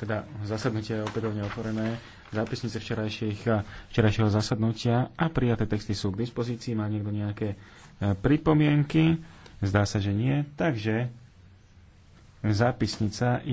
teda zasadnutie je opätovne otvorené. Zápisnice včerajšieho zasadnutia a prijaté texty sú k dispozícii. Má niekto nejaké e, pripomienky? Zdá sa, že nie. Takže zápisnica